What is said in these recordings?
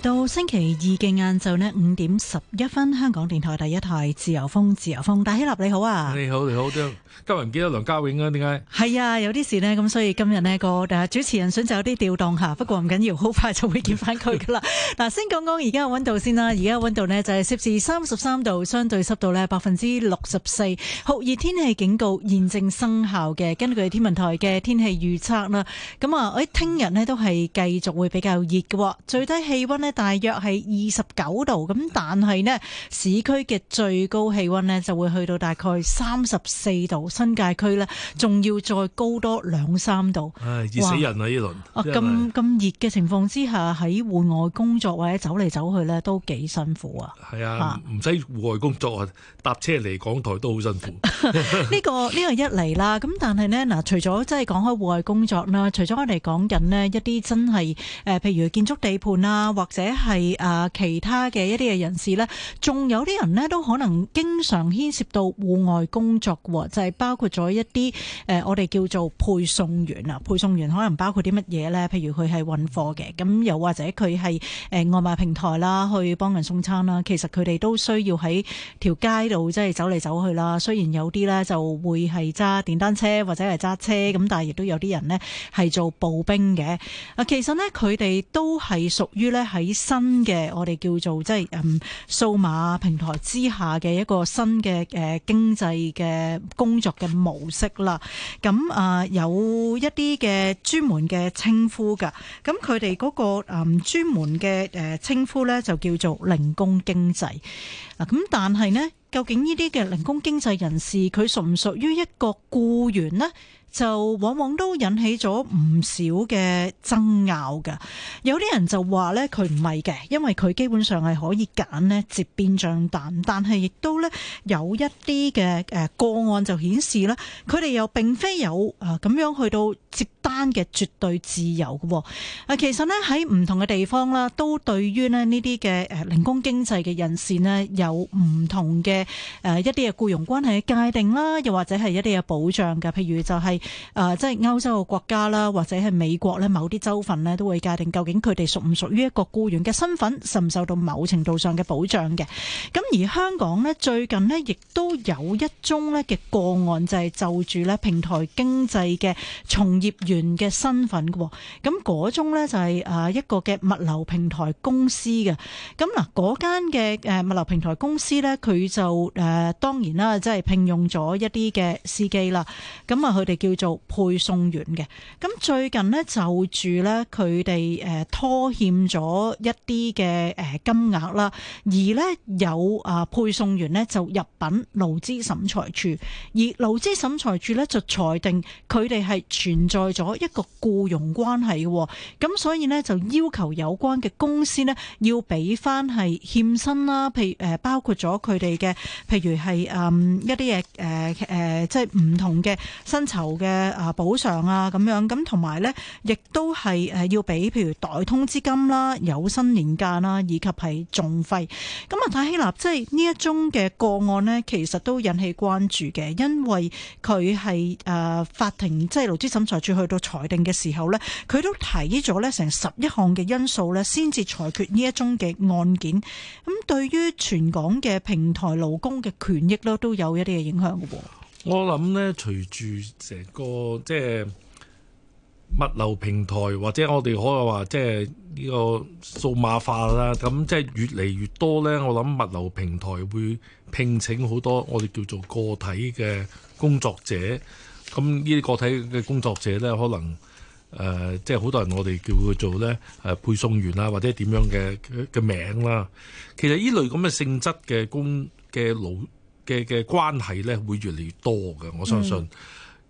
到星期二嘅晏晝呢，五點十一分，香港電台第一台《自由風》，自由風，大喜立，你好啊！你好，你好，今日唔記得梁家永啊？點解？係啊，有啲事呢。咁所以今日呢個主持人選擇有啲調動下，不過唔緊要，好快就會見翻佢㗎喇。嗱， 先講講而家嘅溫度先啦，而家溫度呢，就係攝氏三十三度，相對濕度呢，百分之六十四，酷熱天氣警告現正生效嘅。根據天文台嘅天氣預測啦，咁啊喺聽日呢都係繼續會比較熱嘅，最低氣溫大約係二十九度，咁但係咧市區嘅最高氣溫咧就會去到大概三十四度，新界區咧仲要再高多兩三度。唉，熱死人啊！呢輪啊，咁咁熱嘅情況之下，喺戶外工作或者走嚟走去咧都幾辛苦啊。係啊，唔使戶外工作啊，搭車嚟港台都好辛苦。呢個呢個一嚟啦，咁但係咧嗱，除咗即係講開戶外工作啦，除咗我哋講緊咧一啲真係誒，譬如建築地盤啊，或或者係啊其他嘅一啲嘅人士咧，仲有啲人咧都可能經常牽涉到戶外工作喎，就係包括咗一啲誒我哋叫做配送員啊。配送員可能包括啲乜嘢咧？譬如佢係運貨嘅，咁又或者佢係誒外賣平台啦，去幫人送餐啦。其實佢哋都需要喺條街度即係走嚟走去啦。雖然有啲咧就會係揸電單車或者係揸車，咁但係亦都有啲人咧係做步兵嘅。啊，其實咧佢哋都係屬於咧係。以新嘅我哋叫做即係嗯數碼平台之下嘅一個新嘅誒經濟嘅工作嘅模式啦，咁啊有一啲嘅專門嘅稱呼噶，咁佢哋嗰個誒專門嘅誒稱呼咧就叫做零工經濟，咁但係咧究竟呢啲嘅零工經濟人士佢屬唔屬於一個僱員咧？就往往都引起咗唔少嘅爭拗嘅，有啲人就話咧佢唔係嘅，因為佢基本上係可以揀咧接邊張單，但係亦都咧有一啲嘅誒個案就顯示咧，佢哋又並非有啊咁樣去到接單嘅絕對自由嘅喎。啊，其實咧喺唔同嘅地方啦，都對於咧呢啲嘅誒零工經濟嘅人士咧，有唔同嘅誒一啲嘅雇傭關係嘅界定啦，又或者係一啲嘅保障嘅，譬如就係、是。誒，即係歐洲嘅國家啦，或者係美國呢，某啲州份呢都會界定究竟佢哋屬唔屬於一個僱員嘅身份，受唔受到某程度上嘅保障嘅。咁而香港呢最近呢，亦都有一宗呢嘅個案，就係就住呢平台經濟嘅從業員嘅身份㗎。咁嗰宗呢就係誒一個嘅物流平台公司嘅。咁嗱，嗰間嘅誒物流平台公司呢，佢就誒當然啦，即係聘用咗一啲嘅司機啦。咁啊，佢哋叫叫做配送員嘅，咁最近咧就住咧佢哋誒拖欠咗一啲嘅誒金額啦，而咧有啊配送員咧就入禀勞資審裁處，而勞資審裁處咧就裁定佢哋係存在咗一個僱傭關係嘅，咁所以咧就要求有關嘅公司咧要俾翻係欠薪啦，譬如誒包括咗佢哋嘅譬如係誒一啲嘢，誒誒即係唔同嘅薪酬。嘅啊，補償啊，咁樣，咁同埋呢，亦都係誒要俾譬如代通資金啦、有薪年假啦，以及係仲費。咁啊，睇希臘即係呢一宗嘅個案呢，其實都引起關注嘅，因為佢係誒法庭即係勞資審裁處去到裁定嘅時候呢，佢都提咗呢成十一項嘅因素呢，先至裁決呢一宗嘅案件。咁對於全港嘅平台勞工嘅權益咧，都有一啲嘅影響嘅喎。我諗呢隨住成個即係物流平台，或者我哋可以話即係呢個數碼化啦，咁即係越嚟越多呢，我諗物流平台會聘請好多我哋叫做個體嘅工作者。咁呢啲個體嘅工作者呢，可能、呃、即係好多人我哋叫佢做呢配送員啊，或者點樣嘅嘅名啦。其實呢類咁嘅性質嘅工嘅勞。嘅嘅關係咧，會越嚟越多嘅，我相信。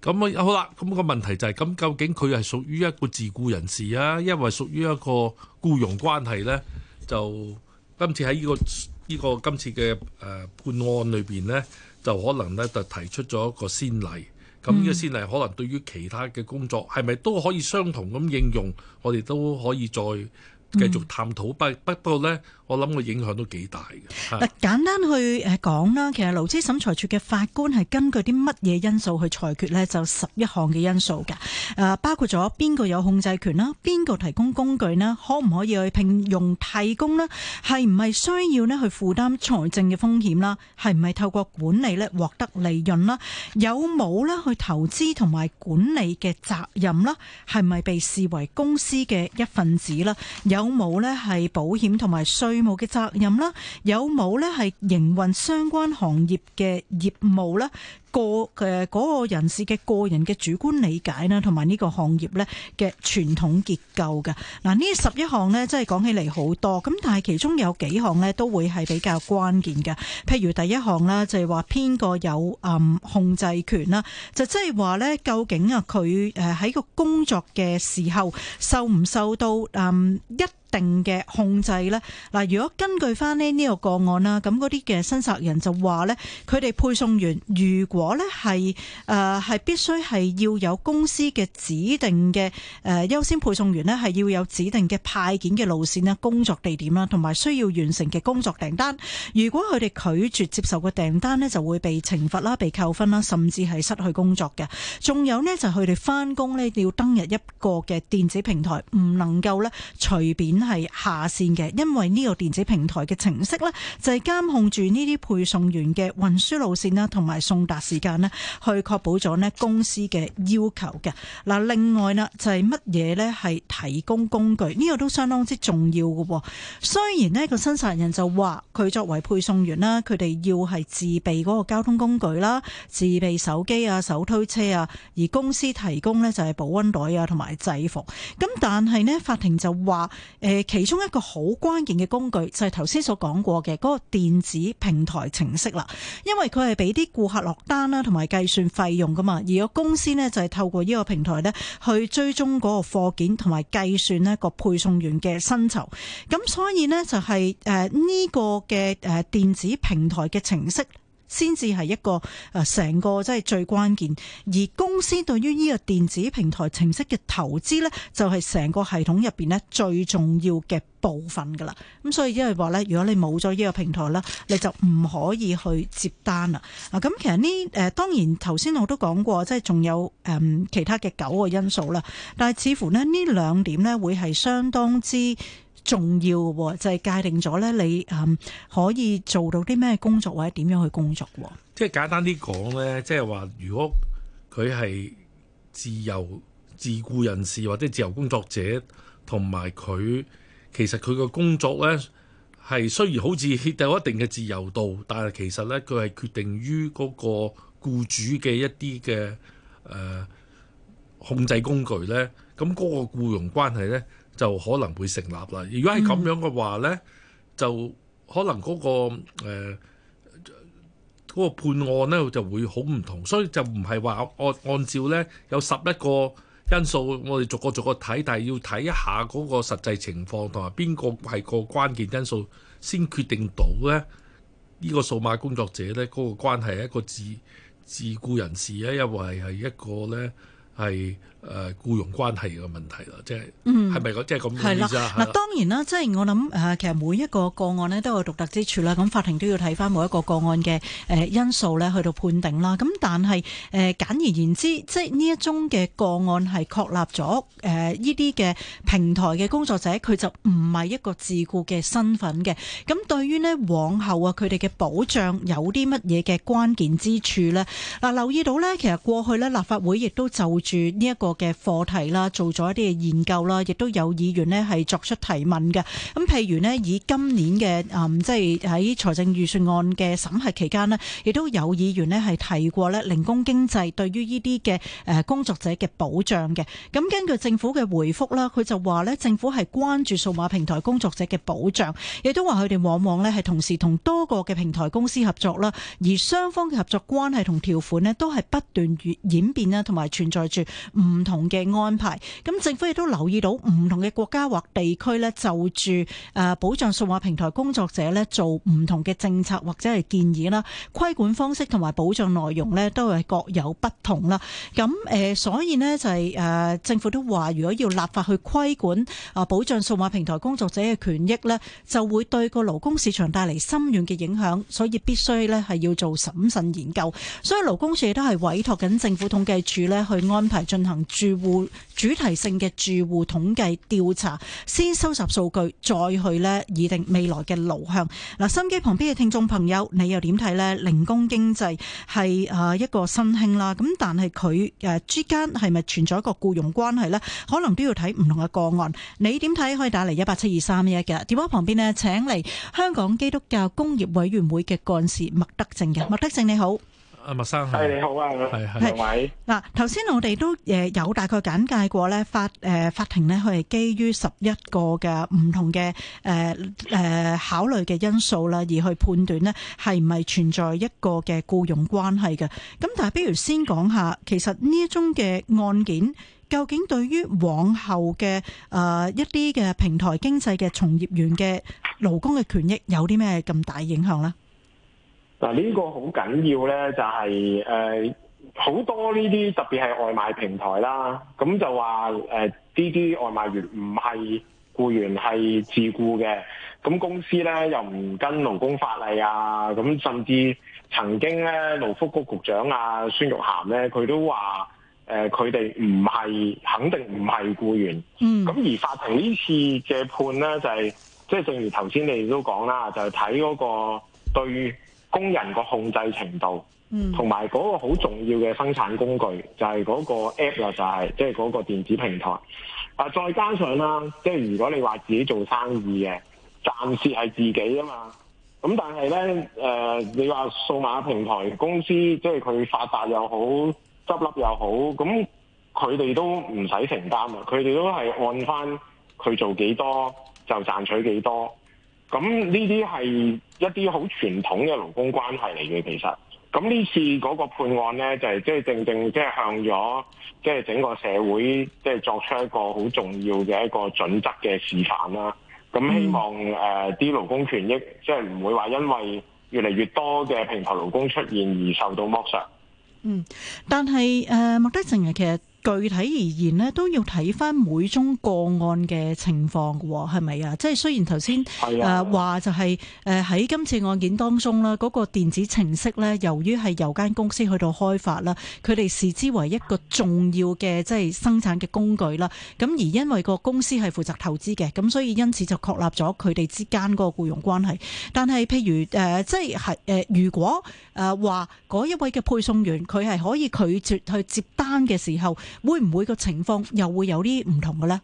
咁、嗯、啊，好啦，咁、那個問題就係、是，咁究竟佢係屬於一個自僱人士啊，因為屬於一個僱傭關係呢，就今次喺呢、這個呢、這個今次嘅誒判案裏邊呢，就可能呢就提出咗一個先例。咁呢個先例可能對於其他嘅工作係咪、嗯、都可以相同咁應用？我哋都可以再繼續探討，不、嗯、不過呢。我諗個影響都幾大嘅。嗱，簡單去誒講啦，其實勞資審裁處嘅法官係根據啲乜嘢因素去裁決呢？就十一項嘅因素㗎，誒包括咗邊個有控制權啦，邊個提供工具呢，可唔可以去聘用替工呢？係唔係需要呢去負擔財政嘅風險啦？係唔係透過管理咧獲得利潤啦？有冇呢去投資同埋管理嘅責任啦？係咪被視為公司嘅一份子啦？有冇呢係保險同埋需？義務嘅責任啦，有冇咧，係營運相關行業嘅業務咧？個嘅嗰個人士嘅個人嘅主觀理解啦，同埋呢個行業咧嘅傳統結構嘅。嗱，呢十一項咧，真係講起嚟好多咁，但係其中有幾項咧都會係比較關鍵嘅，譬如第一項啦，就係話邊個有嗯控制權啦，就即係話咧，究竟啊佢誒喺個工作嘅時候受唔受到嗯一定嘅控制咧？嗱，如果根據翻咧呢個個案啦，咁嗰啲嘅申索人就話咧，佢哋配送員如果我咧係誒係必須係要有公司嘅指定嘅誒優先配送員咧係要有指定嘅派件嘅路線啦、工作地點啦，同埋需要完成嘅工作訂單。如果佢哋拒絕接受個訂單咧，就會被懲罰啦、被扣分啦，甚至係失去工作嘅。仲有咧就係佢哋翻工咧要登入一個嘅電子平台，唔能夠咧隨便係下線嘅，因為呢個電子平台嘅程式咧就係監控住呢啲配送員嘅運輸路線啦、同埋送達時間咧，去確保咗咧公司嘅要求嘅。嗱，另外啦，就係乜嘢咧，係提供工具呢個都相當之重要嘅。雖然咧個申索人就話佢作為配送員啦，佢哋要係自備嗰個交通工具啦，自備手機啊、手推車啊，而公司提供咧就係保溫袋啊同埋制服。咁但係咧，法庭就話誒，其中一個好關鍵嘅工具就係頭先所講過嘅嗰個電子平台程式啦，因為佢係俾啲顧客落單。同埋計算費用噶嘛，而個公司呢就係透過呢個平台呢去追蹤嗰個貨件，同埋計算呢個配送員嘅薪酬。咁所以呢，就係誒呢個嘅誒電子平台嘅程式。先至係一個誒，成、呃、個即係最關鍵。而公司對於呢個電子平台程式嘅投資呢，就係、是、成個系統入邊呢最重要嘅部分㗎啦。咁所以因為話呢，如果你冇咗呢個平台啦，你就唔可以去接單啦。啊，咁其實呢誒、呃，當然頭先我都講過，即係仲有誒、嗯、其他嘅九個因素啦。但係似乎呢，呢兩點呢會係相當之重要喎，就係界定咗呢。你可以做到啲咩工作或者點樣去工作喎？即係簡單啲講呢，即係話，如果佢係自由自僱人士或者自由工作者，同埋佢其實佢嘅工作呢，係雖然好似有一定嘅自由度，但係其實呢，佢係決定於嗰個僱主嘅一啲嘅誒控制工具呢。咁嗰個僱傭關係咧。就可能會成立啦。如果係咁樣嘅話呢、嗯，就可能嗰、嗰個誒、呃嗰個、判案呢就會好唔同，所以就唔係話按按照呢有十一個因素，我哋逐個逐個睇，但係要睇一下嗰個實際情況同埋邊個係個關鍵因素，先決定到呢。呢、這個數碼工作者呢，嗰、嗰個關係係一個自自僱人士咧，因為係一個呢係。誒僱傭關係嘅問題啦，即係係咪即係咁嘅意思啦？嗱當然啦，即係我諗誒，其實每一個個案呢都有獨特之處啦。咁法庭都要睇翻每一個個案嘅因素咧，去到判定啦。咁但係誒簡而言之，即係呢一宗嘅個案係確立咗誒呢啲嘅平台嘅工作者，佢就唔係一個自僱嘅身份嘅。咁對於呢，往後啊，佢哋嘅保障有啲乜嘢嘅關鍵之處呢？嗱留意到呢，其實過去呢，立法會亦都就住呢一個。嘅課題啦，做咗一啲嘅研究啦，亦都有議員呢係作出提問嘅。咁譬如呢，以今年嘅誒，即係喺財政預算案嘅審核期間呢，亦都有議員呢係提過呢：「零工經濟對於呢啲嘅誒工作者嘅保障嘅。」咁根據政府嘅回覆啦，佢就話呢，政府係關注數碼平台工作者嘅保障，亦都話佢哋往往呢係同時同多個嘅平台公司合作啦，而雙方嘅合作關係同條款呢，都係不斷演變啦，同埋存在住唔唔同嘅安排，咁政府亦都留意到唔同嘅國家或地區咧，就住誒保障數碼平台工作者咧做唔同嘅政策或者係建議啦，規管方式同埋保障內容咧都係各有不同啦。咁誒，所以咧就係誒政府都話，如果要立法去規管啊保障數碼平台工作者嘅權益咧，就會對個勞工市場帶嚟深遠嘅影響，所以必須咧係要做審慎研究。所以勞工處亦都係委託緊政府統計處咧去安排進行。住戶主題性嘅住戶統計調查，先收集數據，再去呢擬定未來嘅路向。嗱，心機旁邊嘅聽眾朋友，你又點睇呢？零工經濟係啊一個新興啦，咁但係佢誒之間係咪存在一個僱傭關係呢？可能都要睇唔同嘅個案。你點睇？可以打嚟一八七二三一嘅電話旁邊呢，請嚟香港基督教工業委員會嘅幹事麥德正嘅。麥德正，你好。阿麥生，係你好啊，係係，各位嗱，頭先我哋都誒有大概簡介過咧，法誒法庭呢，佢係基於十一個嘅唔同嘅誒誒考慮嘅因素啦，而去判斷呢係唔係存在一個嘅僱傭關係嘅。咁但係，不如先講下，其實呢宗嘅案件究竟對於往後嘅誒一啲嘅平台經濟嘅從業員嘅勞工嘅權益有啲咩咁大影響呢？嗱、這、呢個好緊要咧、就是，就係誒好多呢啲特別係外賣平台啦，咁就話誒呢啲外賣員唔係僱員係自僱嘅，咁公司咧又唔跟勞工法例啊，咁甚至曾經咧勞福局局長啊，孫玉菡咧，佢都話誒佢哋唔係肯定唔係僱員。嗯。咁而法庭次呢次嘅判咧就係即係正如頭先你哋都講啦，就係睇嗰個對。工人個控制程度，同埋嗰個好重要嘅生產工具就係、是、嗰個 app 啦，就係即係嗰個電子平台。啊，再加上啦，即係如果你話自己做生意嘅，暫時係自己啊嘛。咁但係呢，誒、呃，你話數碼平台公司，即係佢發達又好，執笠又好，咁佢哋都唔使承擔啊，佢哋都係按翻佢做幾多就賺取幾多。咁呢啲係一啲好傳統嘅勞工關係嚟嘅。其實咁呢次嗰個判案呢，就係即係正正即係向咗即係整個社會即係作出一個好重要嘅一個準則嘅示範啦。咁希望誒啲、嗯呃、勞工權益即係唔會話因為越嚟越多嘅平台勞工出現而受到剝削。嗯，但係誒麥德正日、啊、其實。具體而言呢都要睇返每宗個案嘅情況，係咪啊？即係雖然頭先誒話就係誒喺今次案件當中啦，嗰個電子程式呢，由於係由間公司去到開發啦，佢哋視之為一個重要嘅即係生產嘅工具啦。咁而因為個公司係負責投資嘅，咁所以因此就確立咗佢哋之間嗰個僱傭關係。但係譬如誒、呃，即係、呃、如果誒話嗰一位嘅配送員佢係可以拒絕去接單嘅時候。會唔會個情況又會有啲唔同嘅咧？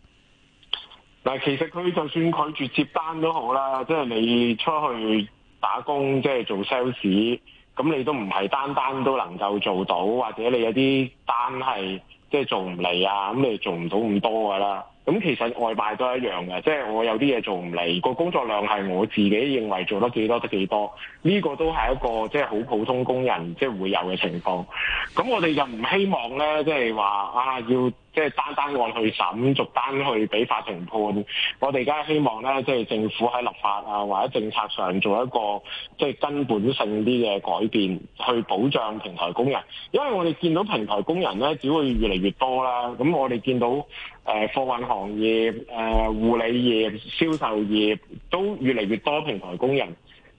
嗱，其實佢就算拒絕接單都好啦，即係你出去打工，即係做 sales，咁你都唔係單單都能夠做到，或者你有啲單係即係做唔嚟啊，咁你做唔到咁多噶啦。咁其實外賣都一樣嘅，即係我有啲嘢做唔嚟，個工作量係我自己認為做得幾多得幾多，呢個都係一個即係好普通工人即係會有嘅情況。咁我哋又唔希望呢，即係話啊，要即係單單按去審逐單去俾法庭判。我哋而家希望呢，即係政府喺立法啊或者政策上做一個即係根本性啲嘅改變，去保障平台工人。因為我哋見到平台工人呢，只會越嚟越多啦。咁我哋見到。誒，貨運行業、誒護理業、銷售業,銷售業都越嚟越多平台工人。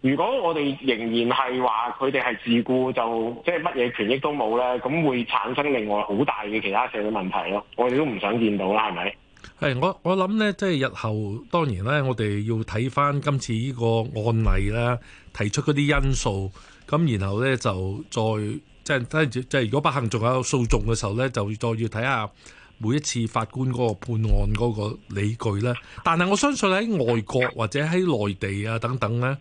如果我哋仍然係話佢哋係自雇，就即係乜嘢權益都冇咧，咁會產生另外好大嘅其他社會問題咯。我哋都唔想見到啦，係咪？誒，我我諗咧，即係日後，當然呢，我哋要睇翻今次呢個案例啦，提出嗰啲因素，咁然後呢，就再即係，即係如果不幸仲有訴訟嘅時候呢，就再要睇下。每一次法官嗰個判案嗰個理據呢，但係我相信喺外國或者喺內地啊，等等呢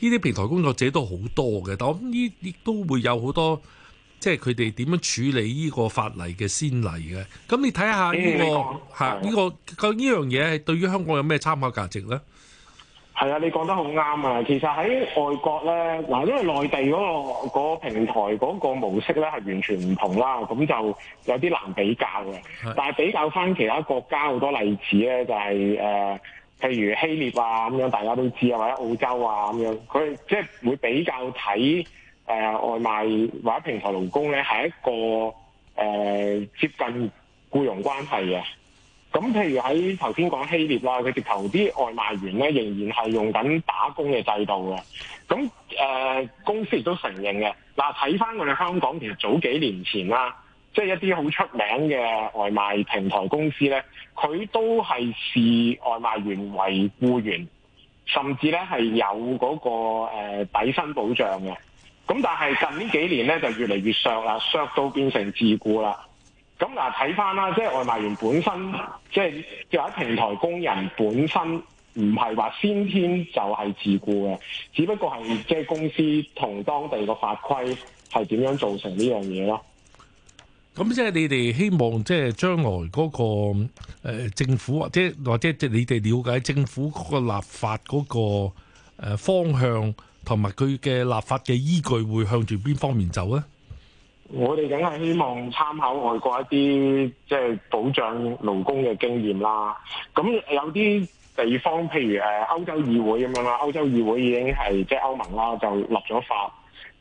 啲平台工作者都好多嘅，我諗呢亦都會有好多，即係佢哋點樣處理呢個法例嘅先例嘅。咁你睇下呢、呢個呢、嗯嗯嗯，啊呢個呢樣嘢係對於香港有咩參考價值呢？係啊，你講得好啱啊！其實喺外國咧，嗱，因為內地嗰個平台嗰個模式咧係完全唔同啦，咁就有啲難比較嘅。但係比較翻其他國家好多例子咧，就係，就係誒，譬如希臘啊咁樣，大家都知啊，或者澳洲啊咁樣，佢即係會比較睇誒、呃、外賣或者平台勞工咧係一個誒、呃、接近僱傭關係嘅。咁譬如喺頭先講希臘啦，佢直頭啲外賣員咧仍然係用緊打工嘅制度嘅。咁誒、呃、公司亦都承認嘅。嗱，睇翻我哋香港其實早幾年前啦，即係一啲好出名嘅外賣平台公司咧，佢都係視外賣員為雇員，甚至咧係有嗰、那個、呃、底薪保障嘅。咁但係近呢幾年咧就越嚟越削啦，削到變成自雇啦。咁嗱，睇翻啦，即係外賣員本身，即係即係話平台工人本身唔係話先天就係自僱嘅，只不過係即係公司同當地個法規係點樣造成呢樣嘢咯。咁即係你哋希望即係將來嗰個誒政府或者或者即係你哋了解政府嗰個立法嗰個誒方向同埋佢嘅立法嘅依據會向住邊方面走咧？我哋梗係希望參考外國一啲即係保障勞工嘅經驗啦。咁有啲地方，譬如誒歐洲議會咁樣啦，歐洲議會已經係即係歐盟啦，就立咗法，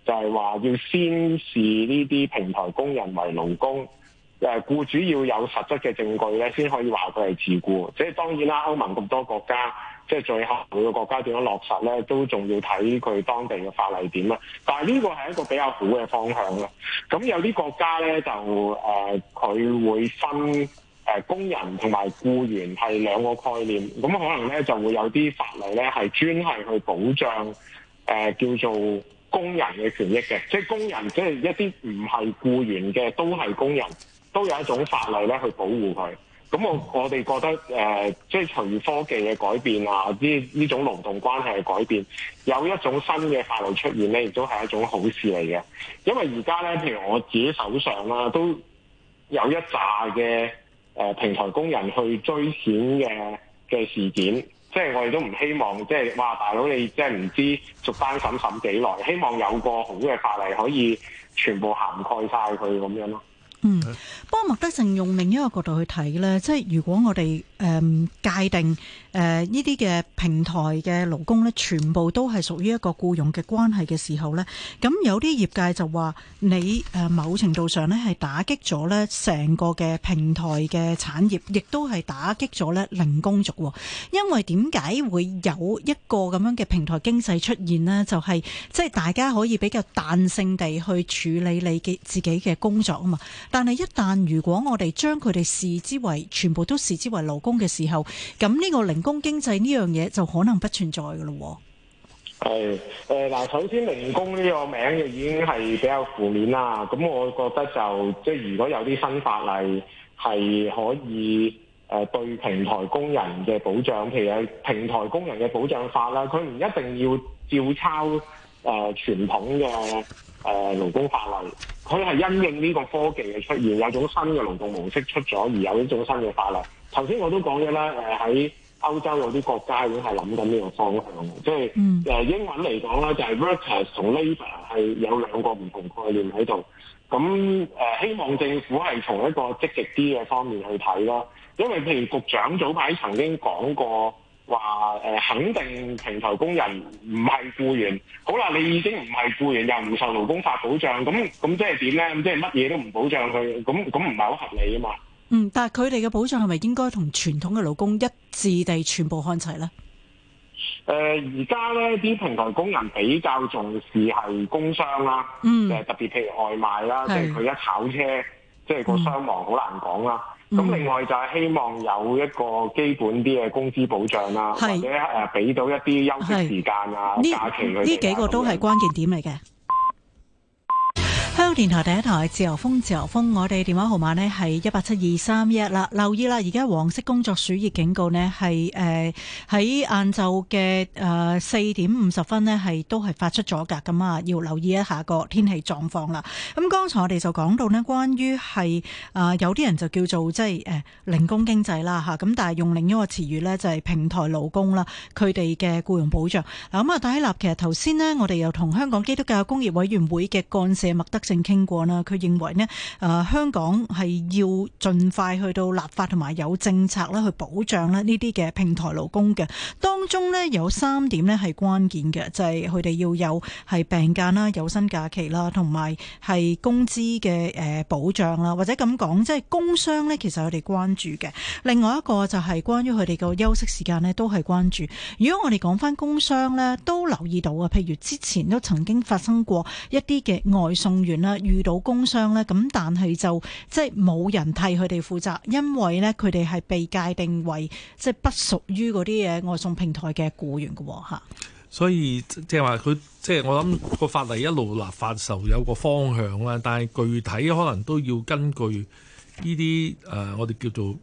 就係話要先視呢啲平台工人為勞工，誒僱主要有實質嘅證據咧，先可以話佢係自雇。即係當然啦，歐盟咁多國家。即係最後每個國家點樣落實咧，都仲要睇佢當地嘅法例點啦。但係呢個係一個比較好嘅方向啦。咁有啲國家咧就誒，佢、呃、會分誒工人同埋僱員係兩個概念。咁可能咧就會有啲法例咧係專係去保障誒、呃、叫做工人嘅權益嘅。即係工人，即、就、係、是、一啲唔係僱員嘅都係工人，都有一種法例咧去保護佢。咁我我哋覺得誒，即係隨科技嘅改變啊，呢呢種勞動關係嘅改變，有一種新嘅法律出現咧，亦都係一種好事嚟嘅。因為而家咧，譬如我自己手上啦、啊，都有一紮嘅、呃、平台工人去追錢嘅嘅事件，即係我哋都唔希望，即係話大佬你即係唔知逐單審審幾耐？希望有個好嘅法例可以全部涵蓋晒佢咁樣咯。嗯，不過麥德正用另一個角度去睇咧，即係如果我哋。誒、嗯、界定誒呢啲嘅平台嘅勞工咧，全部都係屬於一個僱傭嘅關係嘅時候咧，咁有啲業界就話你、呃、某程度上咧係打擊咗咧成個嘅平台嘅產業，亦都係打擊咗咧零工族。因為點解會有一個咁樣嘅平台經濟出現咧？就係即係大家可以比較彈性地去處理你嘅自己嘅工作啊嘛。但係一旦如果我哋將佢哋視之為全部都視之為勞工，嘅時候，咁呢個零工經濟呢樣嘢就可能不存在噶咯。係誒，嗱、呃，首先零工呢個名就已經係比較負面啦。咁我覺得就即係、就是、如果有啲新法例係可以誒、呃、對平台工人嘅保障，譬如係平台工人嘅保障法啦，佢唔一定要照抄誒傳、呃、統嘅誒勞工法例，佢係因應呢個科技嘅出現，有種新嘅勞動模式出咗，而有呢種新嘅法例。頭先我都講咗啦，誒喺歐洲有啲國家已經係諗緊呢個方向，即係誒英文嚟講啦，就係、是、workers 同 labour 係有兩個唔同概念喺度。咁誒、呃、希望政府係從一個積極啲嘅方面去睇咯，因為譬如局長早排曾經講過話誒、呃，肯定平台工人唔係僱員。好啦，你已經唔係僱員又唔受勞工法保障，咁咁即係點咧？咁即係乜嘢都唔保障佢，咁咁唔係好合理啊嘛？嗯，但係佢哋嘅保障係咪應該同傳統嘅勞工一致地全部看齊呢？誒、呃，而家呢啲平台工人比較重視係工傷啦，嗯、呃、特別譬如外賣啦，即係佢一炒車，即、嗯、係、就是、個傷亡好難講啦。咁、嗯、另外就係希望有一個基本啲嘅工資保障啦，或者誒俾、呃、到一啲休息時間啊、假期呢幾個都係關鍵點嚟嘅。電台第一台自由風，自由風，我哋電話號碼呢係一八七二三一啦。留意啦，而家黃色工作暑熱警告呢係誒喺晏晝嘅誒四點五十分呢，係都係發出咗噶。咁啊要留意一下個天氣狀況啦。咁剛才我哋就講到呢，關於係啊有啲人就叫做即係誒零工經濟啦吓，咁但係用另一個詞語呢，就係、是、平台勞工啦，佢哋嘅僱傭保障嗱，咁啊戴立，但其實頭先呢，我哋又同香港基督教工業委員會嘅幹事麥德正。傾過啦，佢認為咧，誒、呃，香港係要盡快去到立法同埋有政策啦，去保障啦呢啲嘅平台勞工嘅。當中咧，有三點咧係關鍵嘅，就係佢哋要有係病假啦、有薪假期啦，同埋係工資嘅誒保障啦，或者咁講，即係工傷咧，其實我哋關注嘅。另外一個就係關於佢哋嘅休息時間咧，都係關注。如果我哋講翻工傷咧，都留意到啊，譬如之前都曾經發生過一啲嘅外送員啦。遇到工傷呢，咁但係就即係冇人替佢哋負責，因為呢，佢哋係被界定為即係不屬於嗰啲嘢外送平台嘅僱員嘅喎。所以即係話佢即係我諗個法例一路立法就有個方向啦，但係具體可能都要根據呢啲誒我哋叫做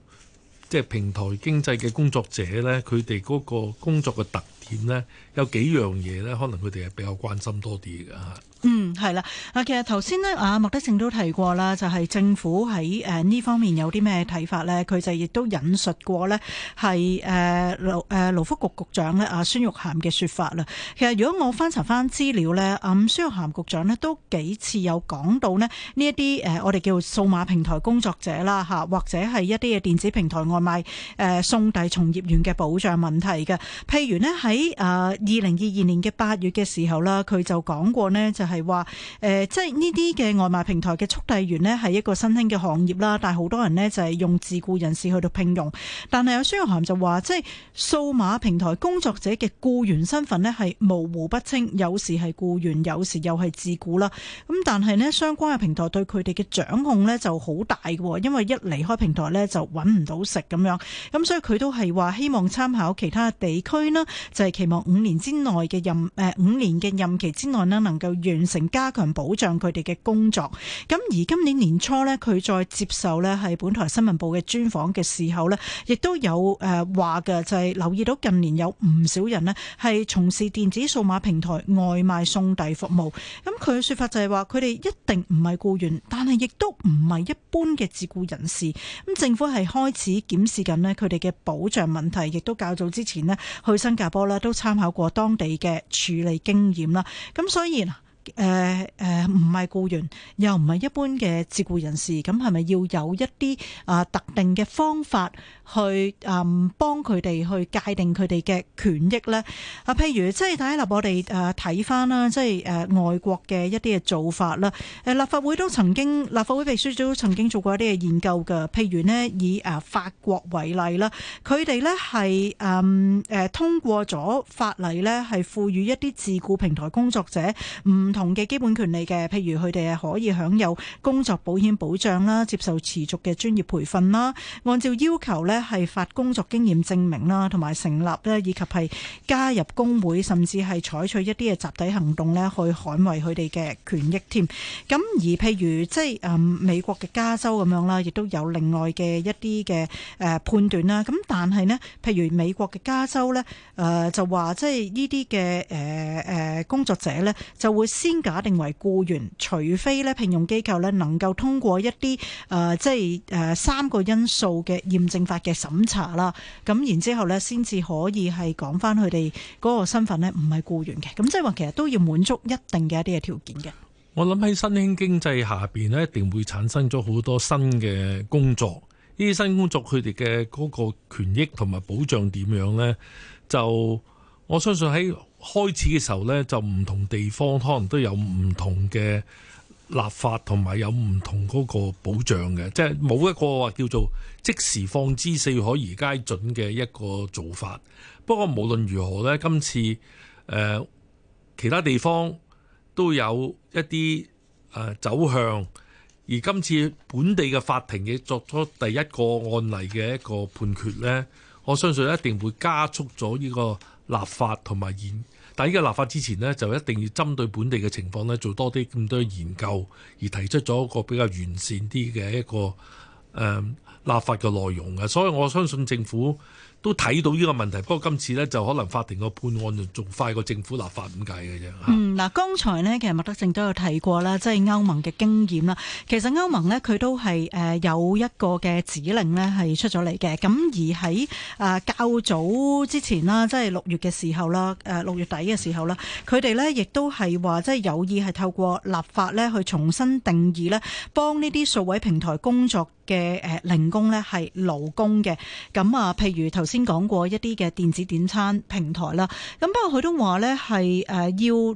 即係平台經濟嘅工作者呢，佢哋嗰個工作嘅特點呢。有幾樣嘢咧，可能佢哋係比較關心多啲嘅嚇。嗯，係啦。啊，其實頭先呢，啊麥德正都提過啦，就係、是、政府喺誒呢方面有啲咩睇法呢？佢就亦都引述過呢，係誒勞誒勞福局局長呢，阿孫玉涵嘅說法啦。其實如果我翻查翻資料呢，啊孫玉涵局長呢，都幾次有講到呢，呢一啲誒我哋叫數碼平台工作者啦嚇，或者係一啲嘅電子平台外賣誒送遞從業員嘅保障問題嘅。譬如呢，喺、呃、啊～二零二二年嘅八月嘅時候啦，佢就講過呢，就係話誒，即係呢啲嘅外賣平台嘅速遞員呢，係一個新興嘅行業啦，但係好多人呢，就係用自雇人士去到聘用。但係有孫玉涵就話，即係數碼平台工作者嘅僱員身份呢，係模糊不清，有時係僱員，有時又係自雇啦。咁但係呢，相關嘅平台對佢哋嘅掌控呢，就好大嘅，因為一離開平台呢，就揾唔到食咁樣。咁所以佢都係話希望參考其他地區啦，就係期望五年。年之內嘅任誒、呃、五年嘅任期之內呢能夠完成加強保障佢哋嘅工作。咁而今年年初呢，佢在接受呢係本台新聞部嘅專訪嘅時候呢，亦都有誒話嘅，就係、是、留意到近年有唔少人呢係從事電子數碼平台外賣送遞服務。咁佢嘅說法就係話，佢哋一定唔係雇員，但係亦都唔係一般嘅自雇人士。咁政府係開始檢視緊呢佢哋嘅保障問題，亦都較早之前呢去新加坡啦都參考過。和當地嘅處理經驗啦，咁，所以。誒誒唔係僱員，又唔係一般嘅自僱人士，咁係咪要有一啲啊特定嘅方法去啊、嗯、幫佢哋去界定佢哋嘅權益呢？啊，譬如即係睇下我哋誒睇返啦，即係誒外國嘅一啲嘅做法啦。誒、啊、立法會都曾經，立法會秘書都曾經做過一啲嘅研究㗎。譬如呢，以誒、啊、法國為例啦，佢哋咧係誒通過咗法例呢，係賦予一啲自僱平台工作者唔同同嘅基本權利嘅，譬如佢哋係可以享有工作保險保障啦，接受持續嘅專業培訓啦，按照要求咧係發工作經驗證明啦，同埋成立咧以及係加入工會甚至係採取一啲嘅集體行動咧去捍衛佢哋嘅權益添。咁而譬如即係誒、嗯、美國嘅加州咁樣啦，亦都有另外嘅一啲嘅誒判斷啦。咁但係咧，譬如美國嘅加州咧，誒、呃、就話即係呢啲嘅誒誒工作者咧就會先。先假定為雇員，除非咧聘用機構咧能夠通過一啲誒、呃，即係誒、呃、三個因素嘅驗證法嘅審查啦。咁然之後咧，先至可以係講翻佢哋嗰個身份咧，唔係雇員嘅。咁即係話，其實都要滿足一定嘅一啲嘅條件嘅。我諗喺新興經濟下邊呢，一定會產生咗好多新嘅工作。呢啲新工作佢哋嘅嗰個權益同埋保障點樣呢？就我相信喺。開始嘅時候呢，就唔同地方可能都有唔同嘅立法，同埋有唔同嗰個保障嘅，即係冇一個話叫做即時放之四海而皆準嘅一個做法。不過無論如何呢，今次、呃、其他地方都有一啲、呃、走向，而今次本地嘅法庭亦作出第一個案例嘅一個判決呢，我相信一定會加速咗呢、呢個。立法同埋研，但係依個立法之前呢，就一定要針對本地嘅情況呢，做多啲咁多研究，而提出咗一個比較完善啲嘅一個、嗯、立法嘅內容嘅，所以我相信政府。都睇到呢個問題，不過今次呢，就可能法庭個判案就仲快過政府立法咁計嘅啫。嗯，嗱，剛才呢，其實麥德正都有提過啦，即係歐盟嘅經驗啦。其實歐盟呢，佢都係誒有一個嘅指令呢，係出咗嚟嘅。咁而喺誒較早之前啦，即係六月嘅時候啦，誒六月底嘅時候啦，佢哋呢，亦都係話即係有意係透過立法呢，去重新定義呢，幫呢啲數位平台工作嘅誒零工咧係勞工嘅。咁啊，譬如頭先講過一啲嘅電子點餐平台啦，咁不過佢都話咧係誒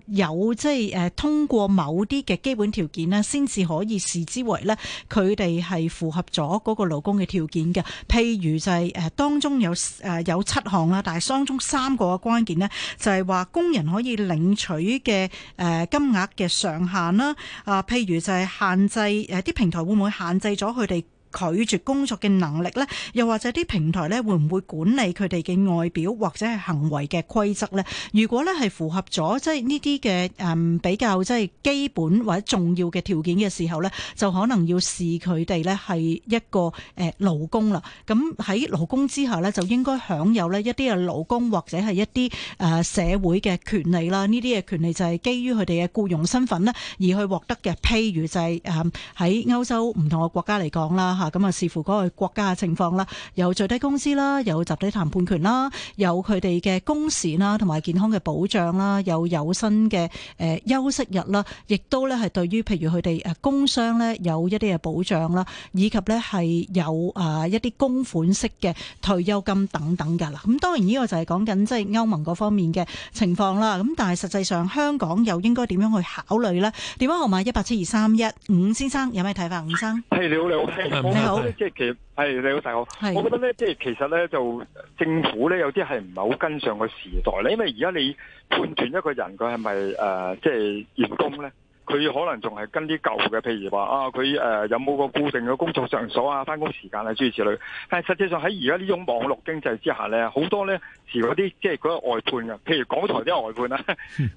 要有即係誒通過某啲嘅基本條件呢，先至可以視之為咧佢哋係符合咗嗰個勞工嘅條件嘅。譬如就係誒當中有誒有七項啦，但係當中三個嘅關鍵呢，就係話工人可以領取嘅誒金額嘅上限啦。啊，譬如就係限制誒啲平台會唔會限制咗佢哋？拒絕工作嘅能力咧，又或者啲平台咧，會唔會管理佢哋嘅外表或者係行為嘅規則咧？如果咧係符合咗即係呢啲嘅誒比較即係基本或者重要嘅條件嘅時候咧，就可能要視佢哋咧係一個誒勞工啦。咁喺勞工之下咧，就應該享有呢一啲嘅勞工或者係一啲誒社會嘅權利啦。呢啲嘅權利就係基於佢哋嘅僱傭身份呢，而去獲得嘅。譬如就係誒喺歐洲唔同嘅國家嚟講啦。咁啊，視乎嗰個國家嘅情況啦，有最低工資啦，有集體談判權啦，有佢哋嘅工時啦，同埋健康嘅保障啦，有有薪嘅誒休息日啦，亦都咧係對於譬如佢哋誒工傷咧有一啲嘅保障啦，以及咧係有啊一啲公款式嘅退休金等等噶啦。咁當然呢個就係講緊即係歐盟嗰方面嘅情況啦。咁但係實際上香港又應該點樣去考慮咧？電話號碼一八七二三一五，先生有咩睇法？吳生，係你好你好，你好你好，即係其實係你好，大好，啊。我覺得咧，即係其實咧，就政府咧有啲係唔係好跟上個時代咧。因為而家你判斷一個人佢係咪誒，即係員工咧，佢可能仲係跟啲舊嘅，譬如話啊，佢誒、呃、有冇個固定嘅工作上所啊，翻工時間啊，諸如此類。但係實際上喺而家呢種網絡經濟之下咧，好多咧是嗰啲即係嗰個外判啊，譬如港台啲外判啊。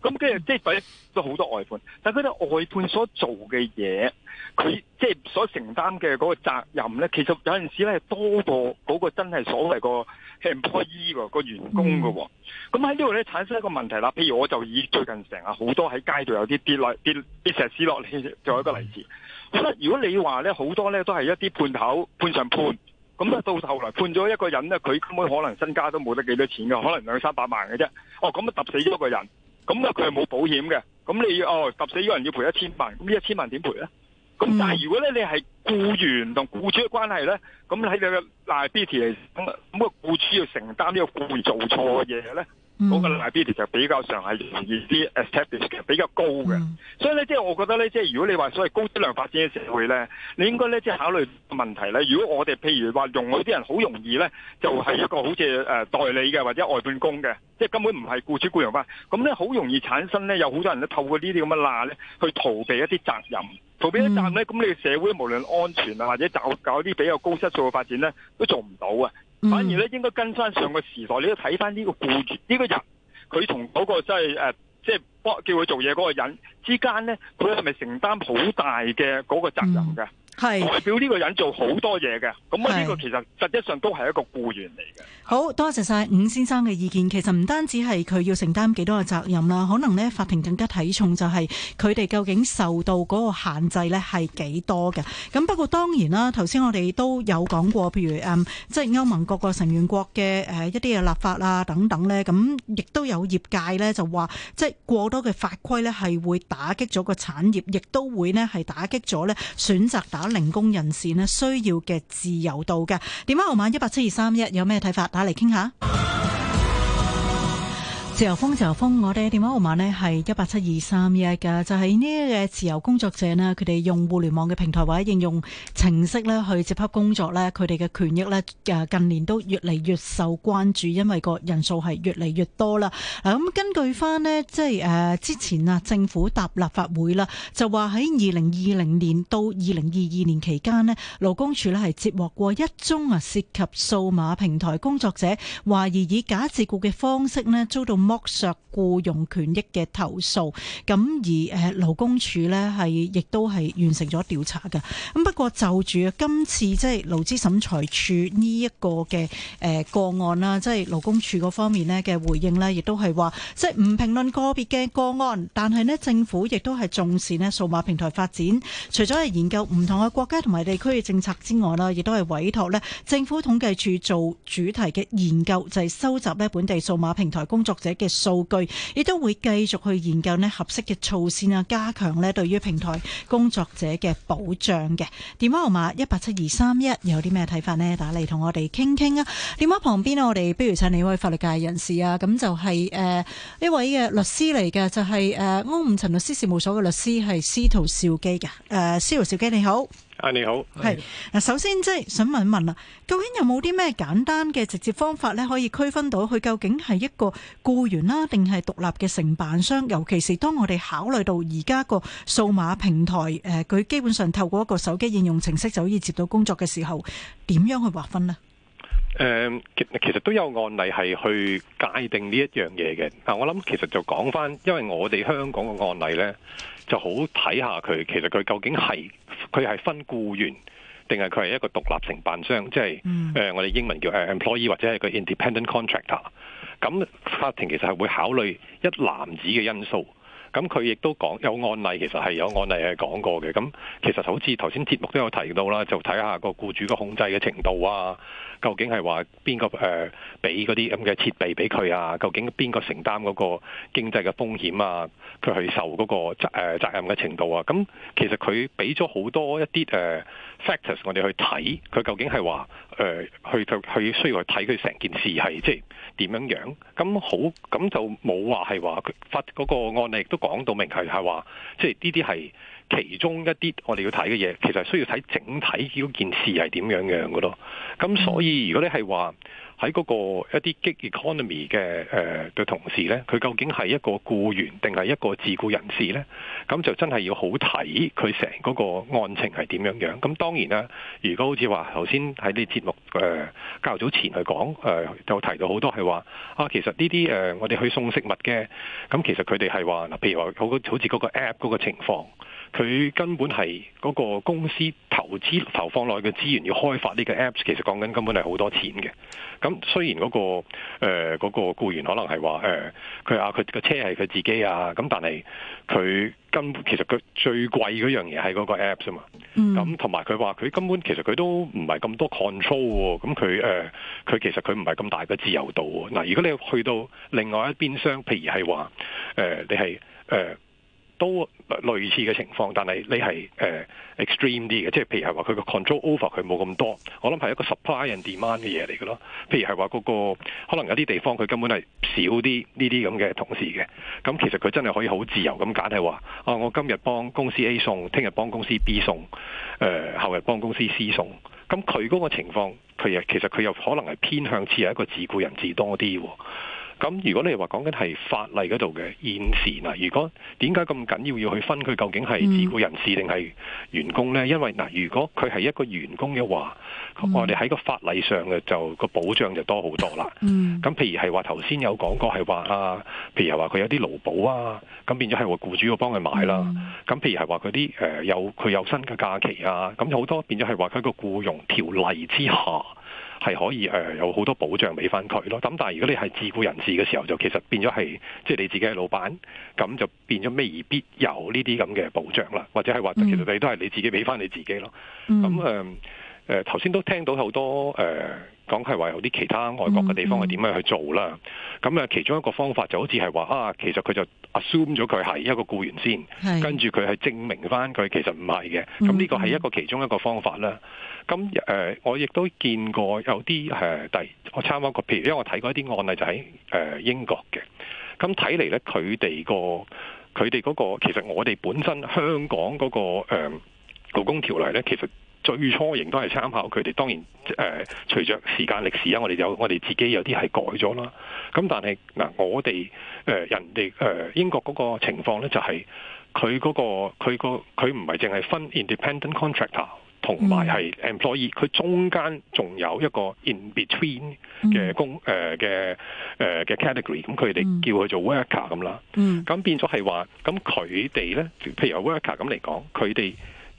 咁跟住即係都好多外判，但係佢哋外判所做嘅嘢。佢即係所承擔嘅嗰個責任咧，其實有陣時咧多過嗰個真係所謂個 employee 個員工噶，哦。咁，啊，喺呢度咧產生一個問題啦。譬如我就以最近成日好多喺街度有啲跌落跌跌石屎落嚟，做一個例子。咁啊，如果你話咧好多咧都係一啲判頭判上判，咁啊到後來判咗一個人咧，佢根本可能身家都冇得幾多錢噶，可能兩三百萬嘅啫。哦咁啊，揼死咗一個人，咁啊佢係冇保險嘅。咁你哦揼死咗個人要賠一千萬，咁呢一千萬點賠咧？咁、嗯、但係，如果咧你係雇員同僱主嘅關係咧，咁喺你個 liability 嚟咁咁個僱主要承擔呢個雇員做錯嘅嘢咧，嗰、那個 liability 就比較上係容易啲 establish 嘅，比較高嘅、嗯。所以咧，即、就、係、是、我覺得咧，即係如果你話所謂高質量發展嘅社會咧，你應該咧即係考慮問題咧。如果我哋譬如話用嗰啲人好容易咧，就係一個好似誒代理嘅或者外判工嘅，即、就、係、是、根本唔係僱主僱員化，咁咧好容易產生咧有好多人透過呢啲咁嘅罅咧去逃避一啲責任。逃、嗯、避一站咧，咁你社會無論安全啊，或者搞搞啲比較高質素嘅發展咧，都做唔到啊！反而咧，應該跟翻上個時代，你都睇翻呢個僱員呢、呢個人，佢同嗰個即係即係幫叫佢做嘢嗰個人之間咧，佢係咪承擔好大嘅嗰個責任㗎？嗯係代表呢個人做好多嘢嘅，咁啊呢個其實實質上都係一個僱員嚟嘅。好多謝晒伍先生嘅意見。其實唔單止係佢要承擔幾多嘅責任啦，可能呢，法庭更加睇重，就係佢哋究竟受到嗰個限制呢係幾多嘅。咁不過當然啦，頭先我哋都有講過，譬如、嗯、即係歐盟各個成員國嘅誒一啲嘅立法啊等等呢，咁亦都有業界呢就話，即係過多嘅法規呢係會打擊咗個產業，亦都會呢係打擊咗呢選擇打。零工人士呢需要嘅自由度嘅，電話號碼一八七二三一，17231, 有咩睇法？打嚟傾下。 自由風，自由風，我哋嘅電話號碼呢係一八七二三一嘅，就係呢嘅自由工作者呢，佢哋用互聯網嘅平台或者應用程式咧去接洽工作咧，佢哋嘅權益咧誒近年都越嚟越受關注，因為個人數係越嚟越多啦。嗱，咁根據翻呢，即係誒之前啊政府答立法會啦，就話喺二零二零年到二零二二年期間呢，勞工處呢係接獲過一宗啊涉及數碼平台工作者懷疑以假自僱嘅方式呢遭到。剝削僱用權益嘅投訴，咁而誒勞工處咧係亦都係完成咗調查嘅。咁不過就住今次即係勞資審裁處呢一個嘅誒個案啦，即係勞工處嗰方面咧嘅回應咧，亦都係話即係唔評論個別嘅個案，但係咧政府亦都係重視咧數碼平台發展。除咗係研究唔同嘅國家同埋地區嘅政策之外啦，亦都係委託咧政府統計處做主題嘅研究，就係收集咧本地數碼平台工作者。嘅數據，亦都會繼續去研究呢，合適嘅措施啊，加強呢對於平台工作者嘅保障嘅。電話號碼一八七二三一，有啲咩睇法呢？打嚟同我哋傾傾啊！電話旁邊呢，我哋不如請你一位法律界人士啊。咁就係誒呢位嘅律師嚟嘅，就係誒安五陳律師事務所嘅律師係司徒肇基嘅。誒、呃，司徒肇基你好。啊，你好係。嗱，首先即係想問一問啦，究竟有冇啲咩簡單嘅直接方法咧，可以區分到佢究竟係一個僱員啦，定係獨立嘅承辦商？尤其是當我哋考慮到而家個數碼平台，誒，佢基本上透過一個手機應用程式就可以接到工作嘅時候，點樣去劃分呢？誒，其實都有案例係去界定呢一樣嘢嘅。嗱，我諗其實就講翻，因為我哋香港嘅案例咧。就好睇下佢，其實佢究竟係佢係分僱員定係佢係一個獨立承辦商，即係、嗯呃、我哋英文叫 employee 或者係個 independent contractor。咁法庭其實係會考慮一籃子嘅因素。咁佢亦都講有案例，其實係有案例係講過嘅。咁其實好似頭先節目都有提到啦，就睇下個僱主嘅控制嘅程度啊，究竟係話邊個誒俾嗰啲咁嘅設備俾佢啊？究竟邊個承擔嗰個經濟嘅風險啊？佢係受嗰個責誒責任嘅程度啊，咁其實佢俾咗好多一啲誒 factors，我哋去睇佢究竟係話誒去去需要去睇佢成件事係即係點樣樣。咁好咁就冇話係話佢發嗰個案例亦都講到明佢係話，即係呢啲係其中一啲我哋要睇嘅嘢，其實需要睇整體嗰件事係點樣樣嘅咯。咁所以如果你係話，喺嗰個一啲 gig economy 嘅誒嘅同事呢，佢究竟係一個雇員定係一個自雇人士呢？咁就真係要好睇佢成個案情係點樣樣。咁當然啦，如果好似話頭先喺呢節目誒、呃、較早前去講誒、呃，就提到好多係話啊，其實呢啲誒我哋去送食物嘅，咁其實佢哋係話譬如話好好似嗰個 app 嗰個情況。佢根本係嗰個公司投資投放落去嘅資源，要開發呢個 apps，其實講緊根本係好多錢嘅。咁雖然嗰、嗰個誒嗰、呃嗰個僱員可能係話誒佢啊佢個車係佢自己啊，咁但係佢根本其實佢最貴嗰樣嘢係嗰個 apps 啊嘛。咁同埋佢話佢根本其實佢都唔係咁多 control 喎。咁佢誒佢其實佢唔係咁大嘅自由度喎。嗱、呃，如果你去到另外一邊商，譬如係話誒你係誒。呃都類似嘅情況，但係你係、uh, extreme 啲嘅，即係譬如係話佢個 control over 佢冇咁多，我諗係一個 supply and demand 嘅嘢嚟嘅咯。譬如係話嗰個可能有啲地方佢根本係少啲呢啲咁嘅同事嘅，咁其實佢真係可以好自由咁揀，係話啊，我今日幫公司 A 送，聽日幫公司 B 送，誒、呃、後日幫公司 C 送，咁佢嗰個情況，佢又其實佢又可能係偏向似係一個自僱人士多啲喎。咁如果你話講緊係法例嗰度嘅，現時嗱，如果點解咁緊要要去分佢究竟係自僱人士定係員工呢？Mm. 因為嗱，如果佢係一個員工嘅話，mm. 我哋喺個法例上嘅，就個保障就多好多啦。咁、mm. 譬如係話頭先有講過係話啊，譬如話佢有啲勞保啊，咁變咗係話僱主要幫佢買啦。咁、mm. 譬如係話嗰啲誒有佢有薪嘅假期啊，咁好多變咗係話佢個僱傭條例之下，係可以誒、呃、有好多保障俾翻佢咯，咁但係如果你係自僱人士嘅時候，就其實變咗係即係你自己係老闆，咁就變咗未必有呢啲咁嘅保障啦，或者係話其實你都係你自己俾翻你自己咯。咁誒誒頭先都聽到好多誒、呃、講係話有啲其他外國嘅地方係點樣去做啦。咁、嗯、誒、嗯、其中一個方法就好似係話啊，其實佢就 assume 咗佢係一個僱員先，是跟住佢係證明翻佢其實唔係嘅。咁呢個係一個其中一個方法啦。咁誒、呃，我亦都見過有啲誒，第、呃、我參考過，譬如因為我睇過一啲案例就，就喺誒英國嘅。咁睇嚟咧，佢哋個佢哋嗰個，其實我哋本身香港嗰、嗰個誒、呃、勞工條例咧，其實最初仍都係參考佢哋。當然誒、呃，隨著時間歷史，我哋有我哋自己有啲係改咗啦。咁但係嗱、呃，我哋誒、呃、人哋誒、呃、英國嗰個情況咧，就係佢嗰個佢個佢唔係淨係分 independent contractor。同埋係 employee，佢中間仲有一個 in between 嘅工嘅嘅、嗯呃呃、category，咁佢哋叫佢做 worker 咁啦，咁、嗯、變咗係話，咁佢哋咧，譬如話 worker 咁嚟講，佢哋。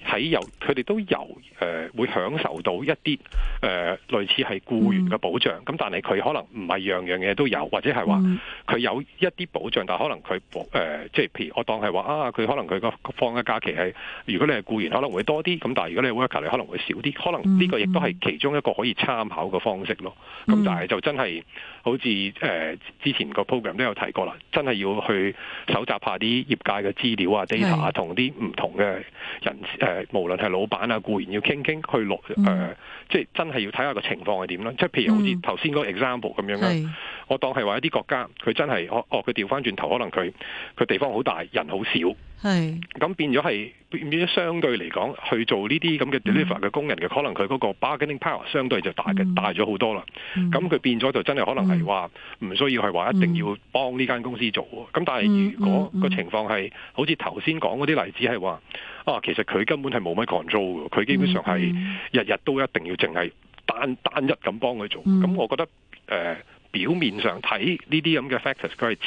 喺由佢哋都有誒、呃、會享受到一啲誒、呃、類似係僱員嘅保障，咁、嗯、但係佢可能唔係樣樣嘢都有，或者係話佢有一啲保障，但係可能佢誒、呃、即係譬如我當係話啊，佢可能佢個放嘅假期係如果你係僱員可能會多啲，咁但係如果你係 worker 你可能會少啲，可能呢個亦都係其中一個可以參考嘅方式咯。咁但係就真係。好似誒、呃、之前個 program 都有提過啦，真係要去搜集下啲業界嘅資料啊、data、啊、同啲唔同嘅人誒、呃、無論係老闆啊、僱員要傾傾去落誒即係真係要睇下個情況係點啦。即係譬如好似頭先個 example 咁樣啦，嗯，我當係話一啲國家佢真係哦哦，佢調翻轉頭可能佢佢地方好大，人好少。係，咁變咗係變咗相對嚟講去做呢啲咁嘅 deliver 嘅工人嘅、嗯，可能佢嗰個 bargaining power 相對就大嘅、嗯，大咗好多啦。咁、嗯、佢變咗就真係可能係話唔需要係話一定要幫呢間公司做喎。咁、嗯、但係如果個情況係、嗯嗯、好似頭先講嗰啲例子係話，啊其實佢根本係冇乜 control 㗎，佢基本上係日日都一定要淨係單單一咁幫佢做。咁、嗯嗯、我覺得誒。呃表面上睇呢啲咁嘅 factors，佢係似，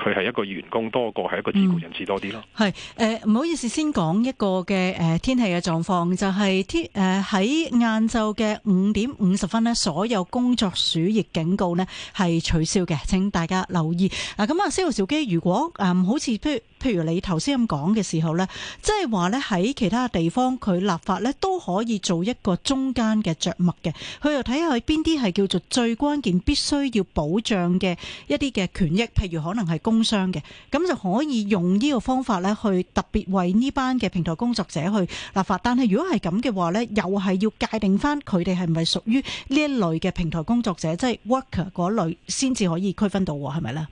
佢係一個員工多過係一個自僱人士多啲咯。係，誒唔好意思，先講一個嘅誒天氣嘅狀況，就係天誒喺晏晝嘅五點五十分咧，所有工作暑熱警告咧係取消嘅，請大家留意。嗱咁啊，司徒肇基，如果誒唔好似譬如。譬如你頭先咁講嘅時候呢，即係話呢，喺其他地方佢立法呢都可以做一個中間嘅着墨嘅，佢又睇下邊啲係叫做最關鍵必須要保障嘅一啲嘅權益，譬如可能係工傷嘅，咁就可以用呢個方法呢去特別為呢班嘅平台工作者去立法。但係如果係咁嘅話呢，又係要界定翻佢哋係唔係屬於呢一類嘅平台工作者，即係 worker 嗰類，先至可以區分到係咪呢？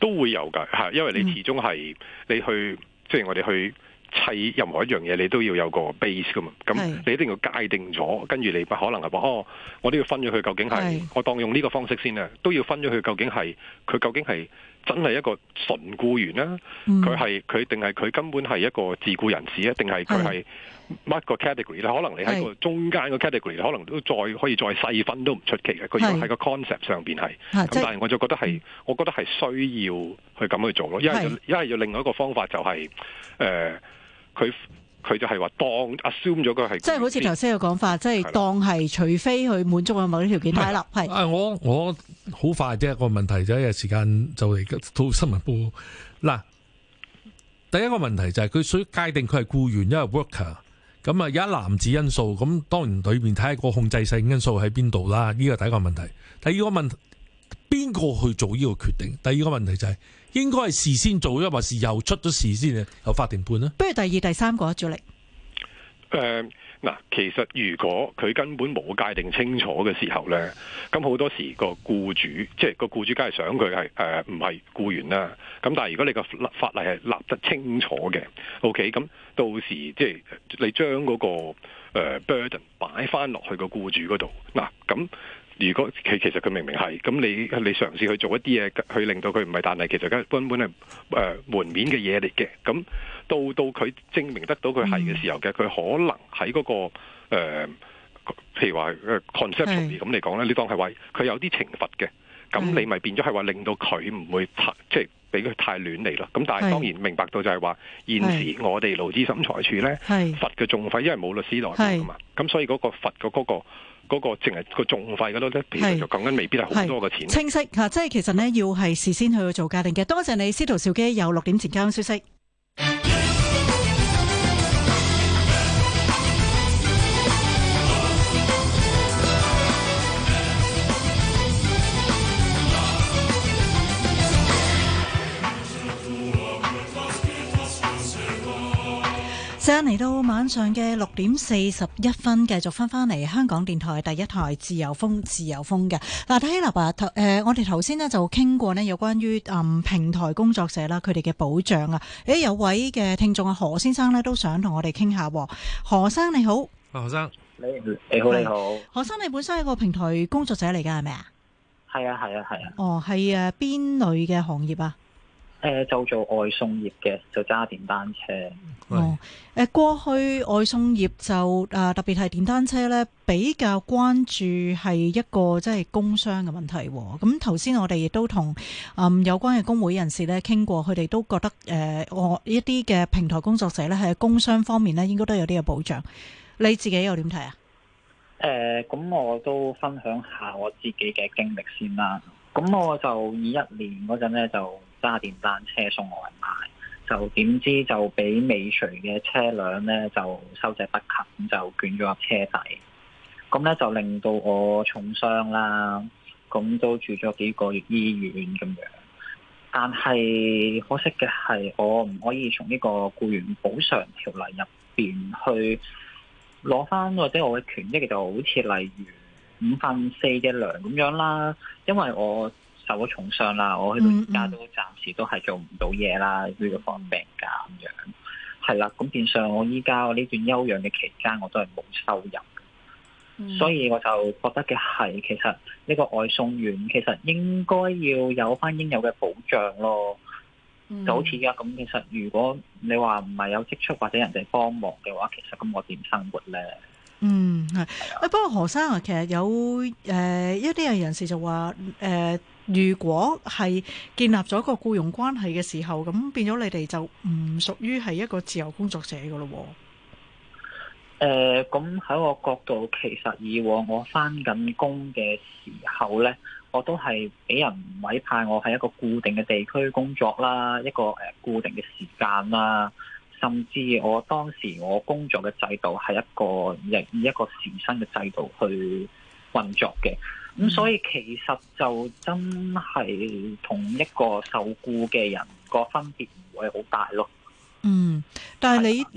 都會有㗎，因為你始終係你去，即係我哋去砌任何一樣嘢，你都要有個 base 噶嘛。咁你一定要界定咗，跟住你不可能係話哦，我都要分咗佢，究竟係我當用呢個方式先啊？都要分咗佢，究竟係佢究竟係。真係一個純僱員啦、啊，佢係佢定係佢根本係一個自僱人士啊？定係佢係乜個 category 咧？可能你喺個中間個 category，你可能都再可以再細分都唔出奇嘅。佢又係個 concept 上邊係，咁但係我就覺得係、嗯，我覺得係需要去咁去做咯。因為因為要，要另外一個方法就係誒佢。呃佢佢就係話當 assume 咗佢係，即係好似頭先嘅講法，即係當係除非佢滿足緊某啲條件。係啦，係。誒，我我好快即係個問題，就係時間就嚟到新聞報。嗱，第一個問題就係、是、佢所界定佢係僱員，因為 worker 咁啊，有一男子因素。咁當然裏邊睇下個控制性因素喺邊度啦。呢個第一個問題。第二個問題，邊個去做呢個決定？第二個問題就係、是。應該係事先做，咗，或是又出咗事先咧，由法庭判啦，不如第二、第三個，朱力。誒，嗱，其實如果佢根本冇界定清楚嘅時候咧，咁好多時個僱主，即係個僱主他是，梗係想佢係誒唔係僱員啦。咁但係如果你個法例係立得清楚嘅，OK，咁到時即係你將嗰個誒 burden 擺翻落去個僱主嗰度，嗱、嗯、咁。如果佢其實佢明明係，咁你你嘗試去做一啲嘢去令到佢唔係，但係其實根本係誒、呃、門面嘅嘢嚟嘅。咁到到佢證明得到佢係嘅時候嘅，佢可能喺嗰、那個、呃、譬如話 conception 咁嚟講咧，你當係話佢有啲懲罰嘅。咁你咪變咗係話令到佢唔會即係俾佢太亂嚟咯。咁、就是、但係當然明白到就係話現時我哋勞資審裁處咧，罰嘅重費因為冇律師代理㗎嘛。咁所以嗰個罰嘅嗰個。嗰、那個淨係個仲費嘅咯，即係譬如講緊未必係好多嘅錢。清晰吓，即係其實咧要係事先去做界定嘅。多謝你，司徒肇基。有六點前交通消息。時間嚟到晚上嘅六點四十一分，繼續翻翻嚟香港電台第一台自由風，自由風嘅嗱，睇起嚟啊，頭、呃、誒，我哋頭先呢就傾過呢有關於誒、嗯、平台工作者啦，佢哋嘅保障啊，誒，有位嘅聽眾啊，何先生呢都想同我哋傾下，何生你好，何生，你你好你好，何生，你本身係個平台工作者嚟噶，係咪啊？係啊係啊係啊，哦，係誒邊類嘅行業啊？誒、呃，就做外送業嘅，就揸電單車。哦，誒、呃，過去外送業就誒、呃，特別係電單車咧，比較關注係一個即係工傷嘅問題，哦。咁頭先我哋亦都同誒有關嘅工會人士咧傾過，佢哋都覺得誒，我、呃、一啲嘅平台工作者咧係工傷方面咧，應該都有啲嘅保障。你自己又點睇啊？誒、呃，咁我都分享一下我自己嘅經歷先啦。咁我就二一年嗰陣咧就。揸電單車送外賣，就點知就俾尾隨嘅車輛咧就收掣不及，咁就捲咗入車底。咁咧就令到我重傷啦，咁都住咗幾個月醫院咁樣。但係可惜嘅係，我唔可以從呢個僱員補償條例入邊去攞返或者我嘅權益，就好似例如五分四嘅糧咁樣啦，因為我。受咗重傷啦，我喺度而家都暫時都係做唔到嘢啦，都要放病假咁樣。係啦，咁變相我依家我呢段休養嘅期間，我都係冇收入，mm-hmm. 所以我就覺得嘅係其實呢個外送員其實應該要有返應有嘅保障咯。就好似而家咁，其實如果你話唔係有積蓄或者人哋幫忙嘅話，其實咁我點生活咧？嗯係，誒不過何生啊，其實有誒一啲嘅人士就話，誒如果係建立咗一個僱傭關係嘅時候，咁變咗你哋就唔屬於係一個自由工作者噶咯。誒、呃，咁喺我角度，其實以往我翻緊工嘅時候咧，我都係俾人委派我喺一個固定嘅地區工作啦，一個誒固定嘅時間啦。甚至我當時我工作嘅制度係一個以一個時薪嘅制度去運作嘅，咁所以其實就真係同一個受僱嘅人個分別唔會好大咯。嗯，但係你是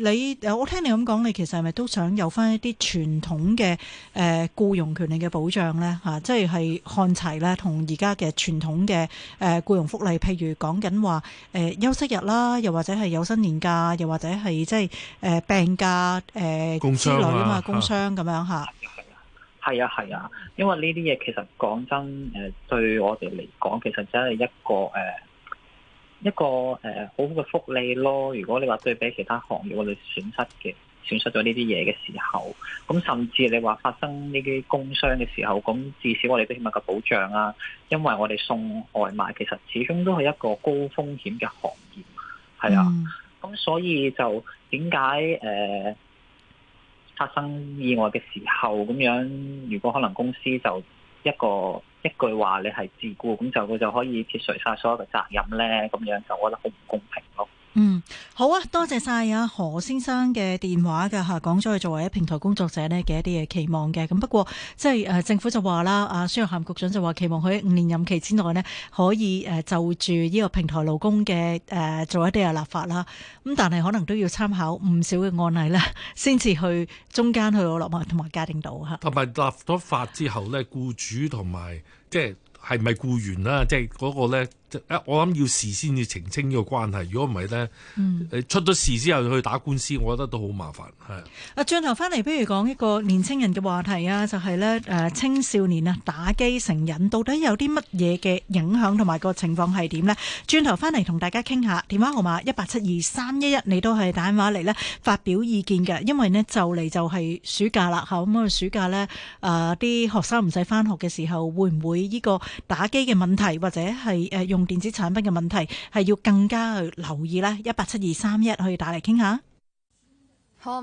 你我聽你咁講，你其實係咪都想有翻一啲傳統嘅誒僱傭權利嘅保障咧？吓、啊，即係係看齊咧，同而家嘅傳統嘅誒僱傭福利，譬如講緊話誒休息日啦，又或者係有薪年假，又或者係即係誒病假誒、呃啊、之類啊嘛，工傷咁、啊、樣吓。係啊係啊，因為呢啲嘢其實講真誒，對我哋嚟講，其實真係一個誒。呃一個誒、呃、好好嘅福利咯。如果你話對比其他行業，我哋損失嘅損失咗呢啲嘢嘅時候，咁甚至你話發生呢啲工傷嘅時候，咁至少我哋都起碼個保障啊。因為我哋送外賣，其實始終都係一個高風險嘅行業，係、mm. 啊。咁所以就點解誒發生意外嘅時候咁樣，如果可能公司就一個。一句話，你係自僱，咁就佢就可以撇除晒所有嘅責任咧，咁樣就我覺得好唔公平咯。嗯，好啊，多謝晒啊，何先生嘅電話噶吓，講咗佢作為一平台工作者呢嘅一啲嘅期望嘅。咁不過即係誒，政府就話啦，阿孫玉菡局長就話期望佢五年任期之內呢，可以誒、呃、就住呢個平台勞工嘅誒、呃、做一啲嘅立法啦。咁但係可能都要參考唔少嘅案例啦先至去中間去攞落埋同埋界定到吓。同埋立咗法之後呢，僱主同埋即係係咪僱員啦？即係嗰個呢。我諗要事先要澄清呢個關係，如果唔係呢，嗯、出咗事之後去打官司，我覺得都好麻煩啊，轉頭翻嚟，不如講一個年青人嘅話題啊，就係呢誒青少年啊打機成癮，到底有啲乜嘢嘅影響同埋個情況係點呢？轉頭翻嚟同大家傾下電話號碼一八七二三一一，么你都係打電話嚟呢發表意見嘅，因為呢就嚟就係暑假啦，咁、嗯、啊暑假呢，啊、呃、啲學生唔使返學嘅時候，會唔會呢個打機嘅問題或者係誒用？呃電子產品嘅問題係要更加去留意啦，一八七二三一可以打嚟傾下。